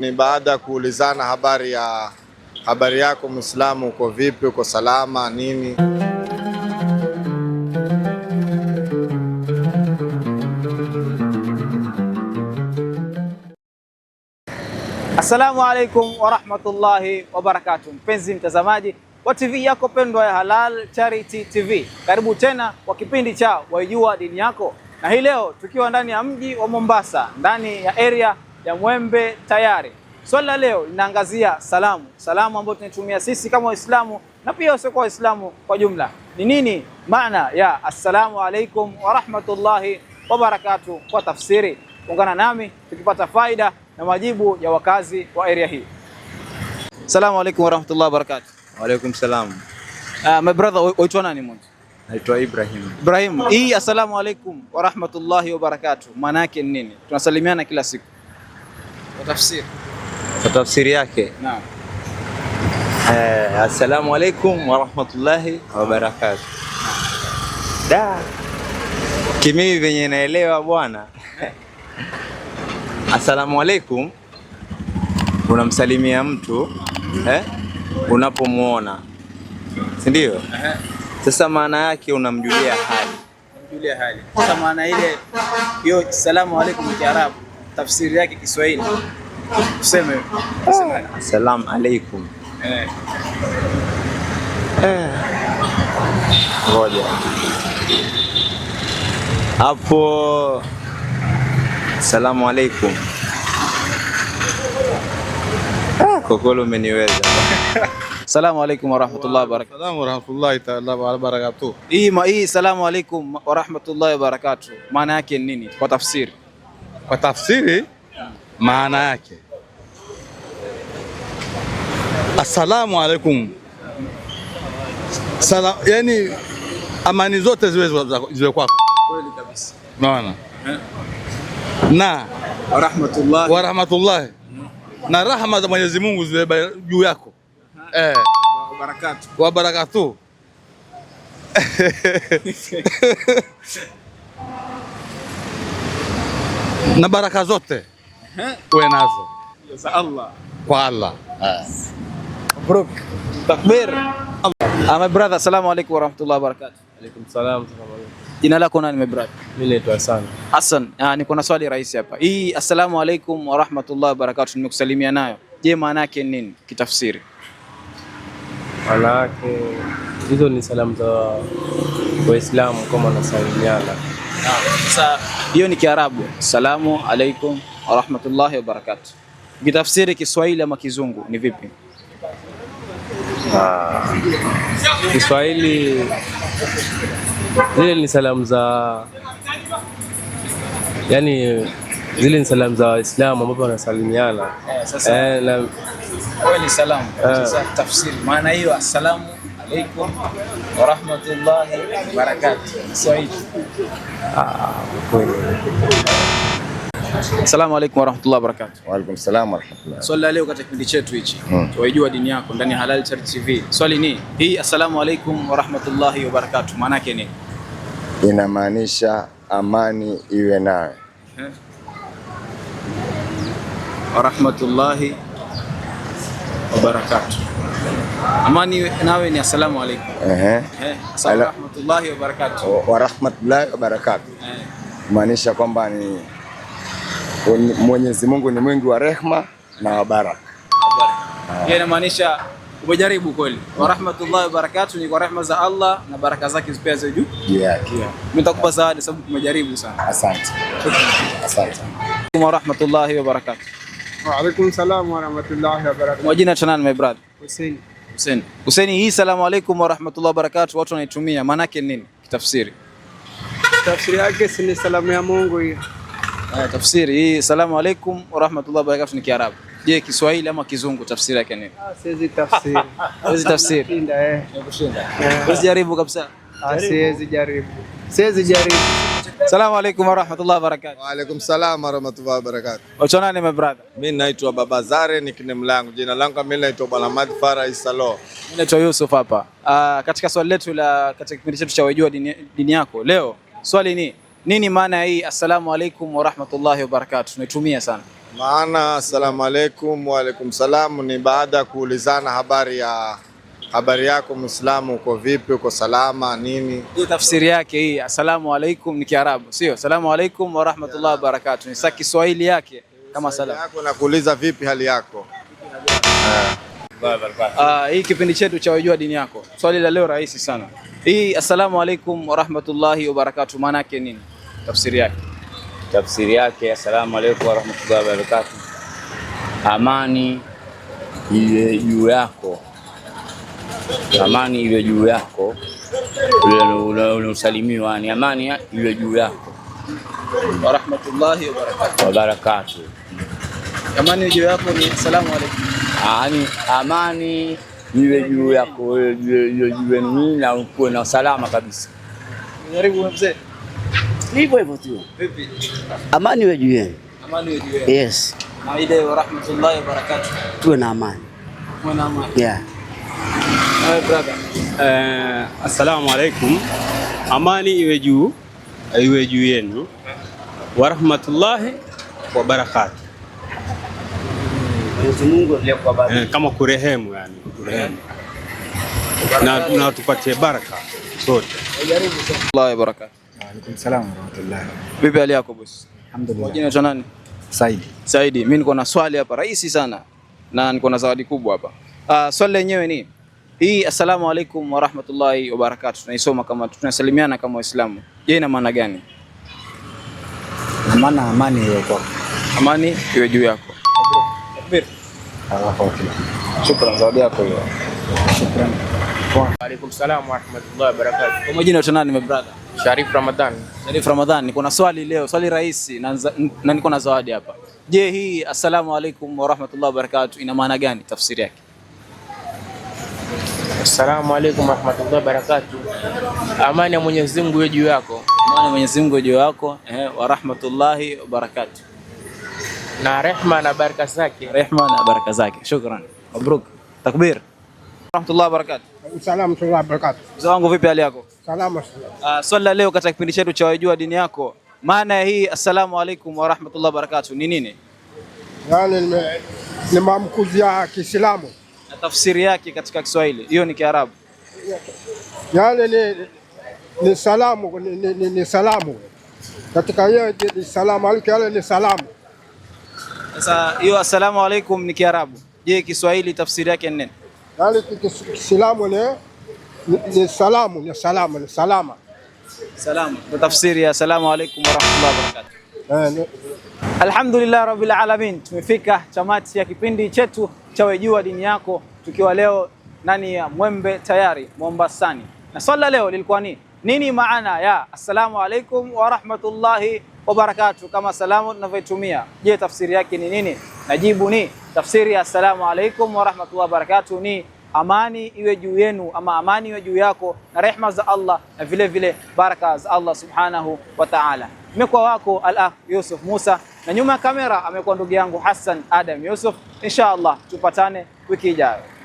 Ni baada ya kuulizana habari ya habari yako Muislamu, uko vipi, uko salama nini? Assalamu alaikum warahmatullahi wabarakatu mpenzi mtazamaji wa TV yako pendwa ya Halal Charity TV, karibu tena kwa kipindi cha Waijua Dini Yako, na hii leo tukiwa ndani ya mji wa Mombasa, ndani ya area ya Mwembe Tayari. Swali la leo linaangazia salamu, salamu ambayo tunaitumia sisi kama Waislamu na pia wasiokuwa Waislamu kwa jumla. Ni nini maana ya assalamu alaikum wa rahmatullahi wa barakatuh kwa tafsiri? Ungana nami tukipata faida na majibu ya wakazi wa area hii. Assalamu alaikum wa rahmatullahi Wa barakatuh. Wa alaikum salam. Uh, my brother, waitwa nani mmoja? Naitwa Ibrahim. Ibrahim, hii assalamu alaikum wa barakatuh maana yake ni nini? Tunasalimiana kila siku tafsiri kwa tafsiri yake. Naam. Eh, assalamu alaikum wa rahmatullahi wa barakatuh. Da, kimimi venye naelewa bwana assalamu alaikum unamsalimia mtu eh, unapomwona si ndio? Sasa maana yake unamjulia hali, unamjulia hali. Sasa maana ile hiyo salamu alaikum kiarabu tafsiri yake Kiswahili tuseme Asalamu alaykum. Eh. Eh. Ngoja. Hapo Asalamu alaykum. Ah, eh, kokolo umeniweza. Asalamu alaykum wa rahmatullahi wa barakatuh. Asalamu rahmatullahi taala wa barakatuh. Hii ma hii, asalamu alaykum wa rahmatullahi wa barakatuh. Maana yake ni nini kwa tafsiri? kwa tafsiri maana yake assalamu alaikum Sala, yani amani zote ziwe ziwe kwako. Kweli kabisa. Unaona? Eh. Na rahmatullah wa rahmatullah mm. na rahma za Mwenyezi Mungu ziwe juu yako eh, eh. wa barakatu na baraka zote uwe nazo za Allah kwa Allah. Mabruk. takbir. Allah. My brother, assalamu alaykum wa rahmatullahi wa barakatuh. Alaykum salam. Jina lako nani my brother? Mimi naitwa Hassan. Hassan, ah, niko na swali rahisi hapa. Hii assalamu alaykum wa rahmatullahi wa barakatuh nimekusalimia nayo. Je, maana yake nini kitafsiri? Maana yake hizo ni salamu za Waislamu kama wanasalimiana. Sasa hiyo ni Kiarabu, salamu alaikum warahmatullahi wabarakatuh. kitafsiri Kiswahili ama Kizungu ni vipi? Ah, Kiswahili zile ni salamu za yani, zile ni salamu za Waislamu ambapo wanasalimiana. Eh, sasa eh, na... ni salamu. Eh. Sasa tafsiri maana hiyo, assalamu Ah, alaikum warahmatullahi wabarakatu. Said. Ah, kweli. Asalamu alaykum warahmatullahi wabarakatuh. Wa alaykum salaam warahmatullahi. Swali la leo katika kipindi chetu hichi hmm. tuwaijua dini yako ndani ya Halal Charity TV. Swali ni hii, asalamu alaykum warahmatullahi wabarakatuh, maana yake ni Inamaanisha amani iwe nawe. Warahmatullahi wabarakatuh. Amani nawe ni asalamu alaykum. Eh. Asalamu rahmatullahi wa barakatuh. Wa rahmatullahi wa barakatuh. Eh. Maanisha kwamba ni Mwenyezi Mungu ni mwingi wa rehma na wa baraka. Yeye inamaanisha umejaribu kweli. Wa rahmatullahi wa barakatuh ni kwa rehma za Allah na baraka zake zipea za juu. Yeah. Yeah. Nitakupa zawadi sababu umejaribu sana. Asante. Asante. Wa rahmatullahi wa barakatuh. Wa alaykum salaam wa rahmatullahi wa barakatuh. Majina chanani my brother. Hussein. Hussein. Hussein, hii salamu alaykum wa rahmatullahi wa barakatuh watu wanaitumia maana yake nini kitafsiri? Tafsiri yake si ni salamu ya Mungu hiyo. Ah, tafsiri hii salamu alaykum wa rahmatullahi wa barakatuh ni Kiarabu. Je, Kiswahili ama Kizungu tafsiri yake nini? Ah, siwezi tafsiri. Siwezi tafsiri. Kushinda eh. Kushinda. Usijaribu kabisa. Ah, siwezi jaribu. Siwezi jaribu. Salamu alaykum wa rahmatullahi Wa alaykum salam warahmatullahi Ocho nani my brother. Mimi naitwa Baba Zare ni kine mlangu Jina langu mimi naitwa Bwana Madfara Isalo. Mimi naitwa Yusuf hapa. Uh, katika swali letu la katika kipindi chetu cha wajua dini, dini yako. Leo swali ni nini maana ya hii assalamu alaykum wa wabarakatuh? Tunaitumia sana. Maana assalamu alaykum wa alaykum salam ni baada ya kuulizana habari ya Habari yako Muislamu, uko vipi? Uko salama nini? Hii tafsiri yake hii asalamu alaikum ni Kiarabu, sio? Asalamu alaikum wa rahmatullahi wa barakatuh ni sa Kiswahili yake kama salamu yako. Nakuuliza vipi hali yako? Uh, hii kipindi chetu cha wajua dini yako, swali la leo rahisi sana. Hii asalamu alaikum wa rahmatullahi wa barakatuh maana yake nini? Tafsiri yake tafsiri yake asalamu alaikum wa rahmatullahi wa barakatuh, amani iwe juu yako amani iwe juu yako unaosalimiwa, ni amani iwe juu yako. wa rahmatullahi wa barakatuh wa barakatuh. Amani iwe juu yako ni salamu alaykum. Yaani amani iwe juu yako, iwe juu yenu na ukuwe na salama kabisa. Karibu mzee. Ni hivyo hivyo tu. Vipi? Amani iwe juu yenu. Amani iwe juu yenu. Yes. Wa rahmatullahi wa barakatuh. Tuwe na amani. Tuwe na amani. Yeah. My brother. Eh, assalamu alaikum. Amani iwe juu iwe juu yenu wa rahmatullahi wa barakatuh. Mwenyezi Mungu ndiye kwa baraka. Eh, kama kurehemu yani, kurehemu. Na na tupatie baraka sote. Jaribu sana. Allahu baraka. Wa alaikum salaam wa rahmatullahi. Vipi hali yako boss? Alhamdulillah. Jina cha nani? Saidi. Saidi, mimi niko na swali hapa rahisi sana na niko na zawadi kubwa hapa. Ah, swali lenyewe ni hii assalamu alaikum warahmatullahi wabarakatu tunaisoma kama tunasalimiana kama Waislamu. Je, ina maana gani? Maana amani iwe kwako, amani iwe juu yako. Shukrani, zawadi yako hiyo. Shukrani. Wa alaikum salaam warahmatullahi wabarakatuh. Kwa majina yote nani, my brother? Sharif Ramadan. Sharif Ramadan, niko na swali leo, swali rahisi na niko na zawadi hapa. Je, hii assalamu alaikum warahmatullahi wabarakatuh ina maana gani? Tafsiri yake Assalamu alaykum warahmatullahi wabarakatuh. Amani ya Mwenyezi Mungu iwe juu yako. Amani ya Mwenyezi Mungu iwe juu yako. Eh, wa rahmatullahi wa barakatuh. Na rehma na baraka zake. Rehma na baraka zake. Shukran. Mabruk. Takbir. Wa rahmatullahi Warahmatullahi wabarakatuh. Salamu alaykum wa barakatuh. Mzee wangu vipi hali yako? Salama. Uh, ah, swali la leo katika kipindi chetu cha wajua dini yako. Maana ya hii assalamu rahmatullahi wa barakatuh ni nini? Yaani ni maamkuzi ya Kiislamu tafsiri yake katika Kiswahili, hiyo ni Kiarabu. Yale ni ni salamu, ni ni, ni, salamu katika hiyo ni salamu alikuwa yale ni salamu. Sasa hiyo assalamu alaykum ni Kiarabu. Je, Kiswahili tafsiri yake ni nini? Yale Kiislamu ni ni salamu, ni salamu ni salama. Salama. Tafsiri ya assalamu alaykum wa rahmatullahi wa barakatuh. Eh, Alhamdulillah Rabbil Alamin, tumefika tamati ya kipindi chetu cha Wejua Dini Yako, tukiwa leo ndani ya Mwembe Tayari Mombasani, na swala leo lilikuwa ni nini maana ya assalamu alaikum wa rahmatullahi wa barakatuh, kama salamu tunavyoitumia. Je, tafsiri yake ni nini? Najibu ni tafsiri ya assalamu alaikum wa rahmatullahi wa barakatuh ni amani iwe juu yenu, ama amani iwe juu yako na rehma za Allah na vile vile baraka za Allah subhanahu wa ta'ala. Imekuwa wako Al-Akh Yusuf Musa, na nyuma ya kamera amekuwa ndugu yangu Hassan Adam Yusuf. Insha Allah tupatane wiki ijayo.